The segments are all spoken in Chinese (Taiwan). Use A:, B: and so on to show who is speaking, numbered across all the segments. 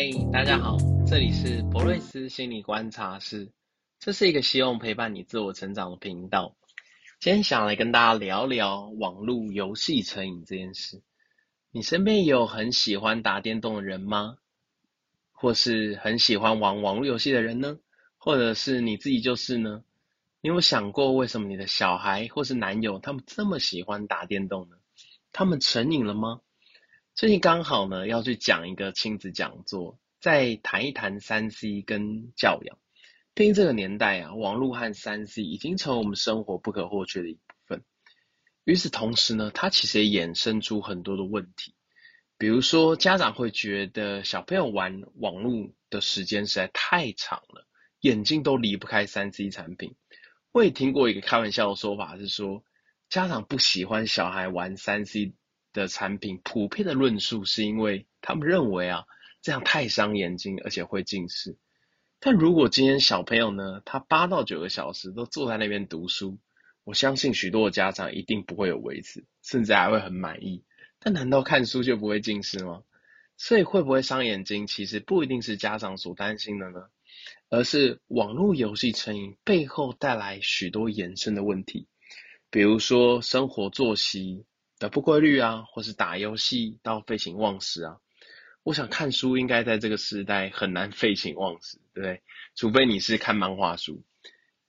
A: 嗨，大家好，這裡是博瑞斯心理觀察室。這是一個希望陪伴你自我成長的頻道。今天想來跟大家聊聊網絡遊戲成癮這件事。你身邊有很喜歡打電動的人嗎？或是很喜歡玩網絡遊戲的人呢？或者是你自己就是呢？你有沒有想過為什麼你的小孩或是男友他們這麼喜歡打電動呢？他們成癮了嗎？最近剛好呢，要去講一個親子講座，再談一談三 C 跟教養。畢竟這個年代啊，網絡和三 C 已經成為我們生活不可或缺的一部分。與此同時呢，它其實也衍生出很多的問題，比如說家長會覺得小朋友玩網絡的時間實在太長了，眼睛都離不開三 C 產品。我也聽過一個開玩笑的說法是說，家長不喜歡小孩玩三 C。的產品普遍的論述是因為他們認為啊，這樣太傷眼睛，而且會近視。但如果今天小朋友呢，他八到九個小時都坐在那邊讀書，我相信許多的家長一定不會有微詞，甚至還會很滿意。但難道看書就不會近視嗎？所以會不會傷眼睛，其實不一定是家長所擔心的呢，而是網絡遊戲成癮背後帶來許多延伸的問題，比如說生活作息。的不規律啊，或是打遊戲到廢寢忘食啊。我想看書應該在這個時代很難廢寢忘食，對不對？除非你是看漫畫書。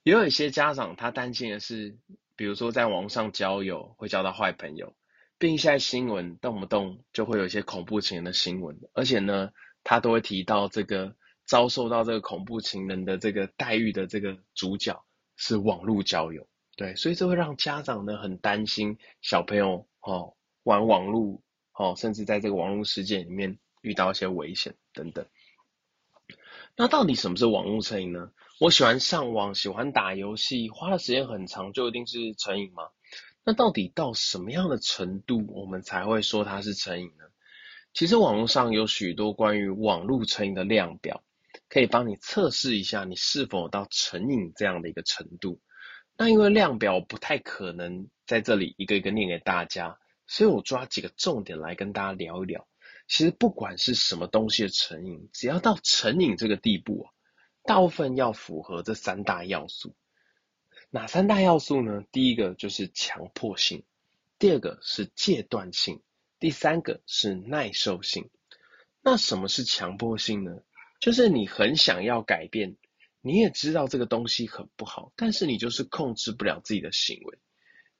A: 也有一些家長他擔心的是，比如說在網上交友會交到壞朋友，並且新聞動不動就會有一些恐怖情人的新聞，而且呢，他都會提到這個遭受到這個恐怖情人的這個待遇的這個主角是網路交友，對，所以這會讓家長呢很擔心小朋友，哦，玩網絡，哦，甚至在這個網絡世界裡面遇到一些危險等等。那到底什麼是網絡成癮呢？我喜歡上網，喜歡打遊戲，花的時間很長，就一定是成癮嗎？那到底到什麼樣的程度，我們才會說它是成癮呢？其實網絡上有許多關於網絡成癮的量表，可以幫你測試一下你是否到成癮這樣的一個程度。那因為量表不太可能在這裡一個一個念給大家，所以我抓幾個重點來跟大家聊一聊。其實不管是什麼東西的成癮，只要到成癮這個地步，大部分要符合這三大要素。哪三大要素呢？第一個就是強迫性，第二個是戒斷性，第三個是耐受性。那什麼是強迫性呢？就是你很想要改變。你也知道這個東西很不好，但是你就是控制不了自己的行為。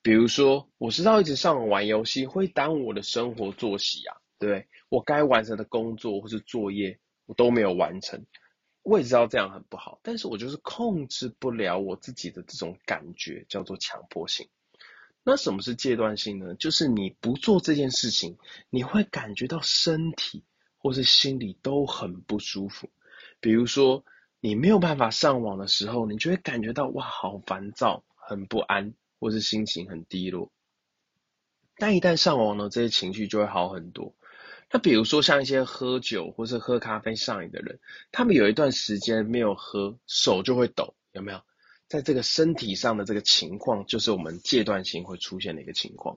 A: 比如說，我知道一直上網玩遊戲會耽誤我的生活作息啊，對，我該完成的工作或是作業我都沒有完成。我也知道這樣很不好，但是我就是控制不了我自己的這種感覺，叫做強迫性。那什麼是戒斷性呢？就是你不做這件事情，你會感覺到身體或是心裡都很不舒服。比如說，你沒有辦法上網的時候，你就會感覺到哇，好煩躁、很不安，或是心情很低落。但一旦上網呢，這些情緒就會好很多。那比如說像一些喝酒或是喝咖啡上癮的人，他們有一段時間沒有喝，手就會抖，有沒有？在這個身體上的這個情況，就是我們戒斷性會出現的一個情況。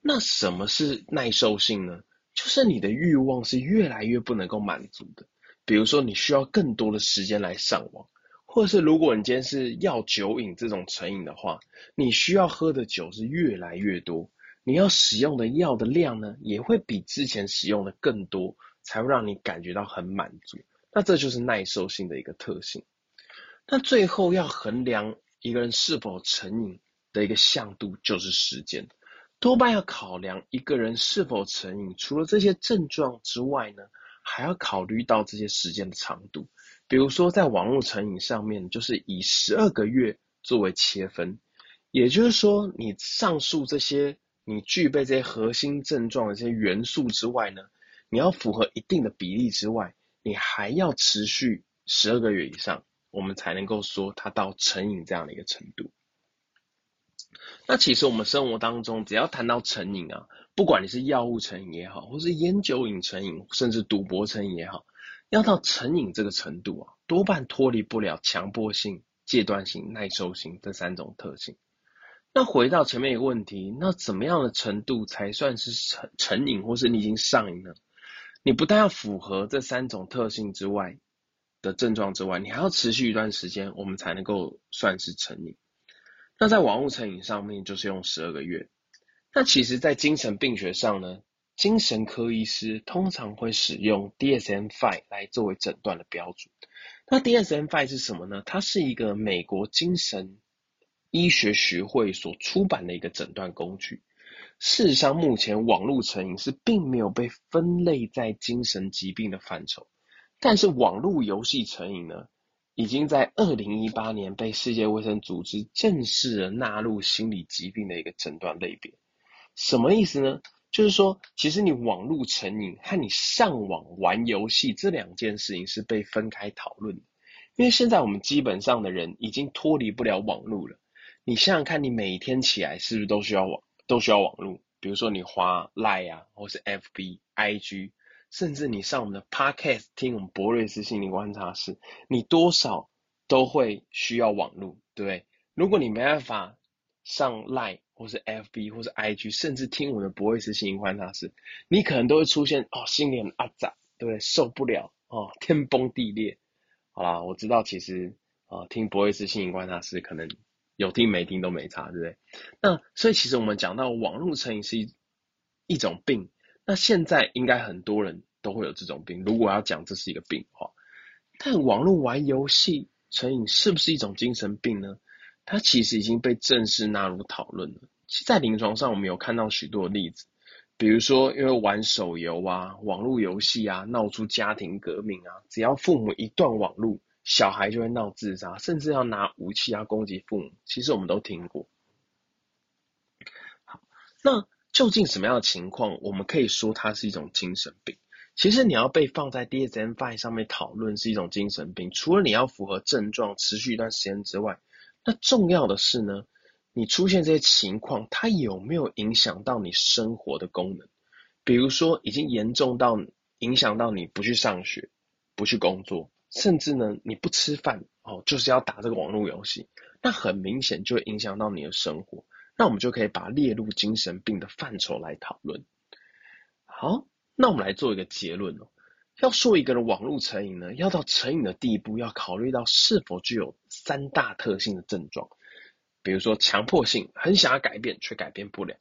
A: 那什麼是耐受性呢？就是你的慾望是越來越不能夠滿足的。比如說，你需要更多的時間來上網，或者是如果你今天是藥酒癮這種成癮的話，你需要喝的酒是越來越多，你要使用的藥的量呢也會比之前使用的更多，才會讓你感覺到很滿足。那這就是耐受性的一個特性。那最後要衡量一個人是否成癮的一個向度就是時間。多半要考量一個人是否成癮，除了這些症狀之外呢，還要考慮到這些時間的長度，比如說在網絡成癮上面，就是以十二個月作為切分，也就是說，你上述這些你具備這些核心症狀的這些元素之外呢，你要符合一定的比例之外，你還要持續十二個月以上，我們才能夠說它到成癮這樣的一個程度。那其實我們生活當中，只要談到成癮啊，不管你是藥物成癮也好，或是菸酒癮成癮，甚至賭博成癮也好，要到成癮這個程度啊，多半脫離不了強迫性、戒斷性、耐受性這三種特性。那回到前面一個問題，那怎麼樣的程度才算是成成癮，或是你已經上癮了？你不但要符合這三種特性之外的症狀之外，你還要持續一段時間，我們才能夠算是成癮。那在網路成癮上面就是用十二個月。那其實，在精神病學上呢，精神科醫師通常會使用 DSM-5 來作為診斷的標準。那 DSM-5 是什麼呢？它是一個美國精神醫學學會所出版的一個診斷工具。事實上，目前網路成癮是並沒有被分類在精神疾病的範疇，但是網路遊戲成癮呢？已經在二零一八年被世界衛生組織正式的納入心理疾病的一個診斷類別。什麼意思呢？就是說，其實你網路成癮和你上網玩遊戲這兩件事情是被分開討論的。因為現在我們基本上的人已經脫離不了網路了。你想想看，你每天起來是不是都需要網都需要網路？比如說你滑 LINE 啊，或是 FB、IG。甚至你上我們的 Podcast 聽我們博瑞斯心理觀察室，你多少都會需要網絡，對不對？如果你沒辦法上 LINE 或是 FB 或是 IG，甚至聽我們的博瑞斯心理觀察室，你可能都會出現哦，心裡很阿雜，對不對？受不了哦，天崩地裂。好啦，我知道其實啊、呃，聽博瑞斯心理觀察室可能有聽沒聽都沒差，對不對？那所以其實我們講到網絡成癮是一一種病。那現在應該很多人都會有這種病。如果要講這是一個病的話，但網絡玩遊戲成癮是不是一種精神病呢？它其實已經被正式納入討論了。其實在臨床上，我們有看到許多的例子，比如說因為玩手遊啊、網絡遊戲啊，鬧出家庭革命啊。只要父母一斷網絡，小孩就會鬧自殺，甚至要拿武器啊攻擊父母。其實我們都聽過。好，那。究竟什麼樣的情況，我們可以說它是一種精神病？其實你要被放在 DSM-5 上面討論是一種精神病，除了你要符合症狀持續一段時間之外，那重要的是呢，你出現這些情況，它有沒有影響到你生活的功能？比如說已經嚴重到影響到你不去上學、不去工作，甚至呢你不吃飯哦，就是要打這個網絡遊戲，那很明顯就會影響到你的生活。那我們就可以把它列入精神病的範疇來討論。好，那我們來做一個結論哦。要說一個人網絡成癮呢，要到成癮的地步，要考慮到是否具有三大特性的症狀，比如說強迫性，很想要改變卻改變不了；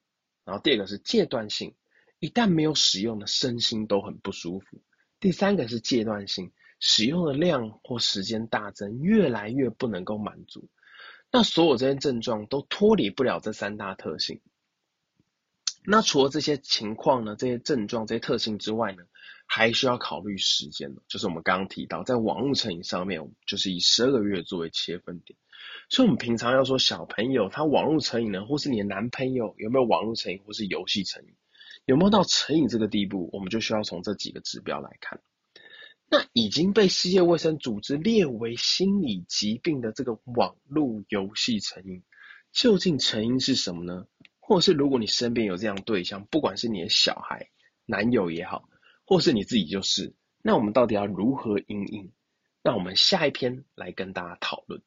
A: 然後第二個是戒斷性，一旦沒有使用的身心都很不舒服；第三個是戒斷性，使用的量或時間大增，越來越不能夠滿足。那所有這些症狀都脫離不了這三大特性。那除了這些情況呢，這些症狀、這些特性之外呢，還需要考慮時間呢，就是我們剛剛提到，在網絡成癮上面，就是以十二個月作為切分點。所以，我們平常要說小朋友他網絡成癮呢，或是你的男朋友有沒有網絡成癮，或是遊戲成癮，有沒有到成癮這個地步，我們就需要從這幾個指標來看。那已經被世界衛生組織列為心理疾病的這個網絡遊戲成癮，究竟成因是什麼呢？或者是如果你身邊有這樣對象，不管是你的小孩、男友也好，或是你自己就是，那我們到底要如何因應？那我們下一篇來跟大家討論。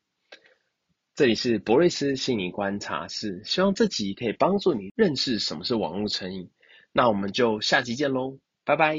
A: 這裡是博瑞斯心理觀察室，希望這集可以幫助你認識什麼是網絡成癮。那我們就下集見嘍，拜拜。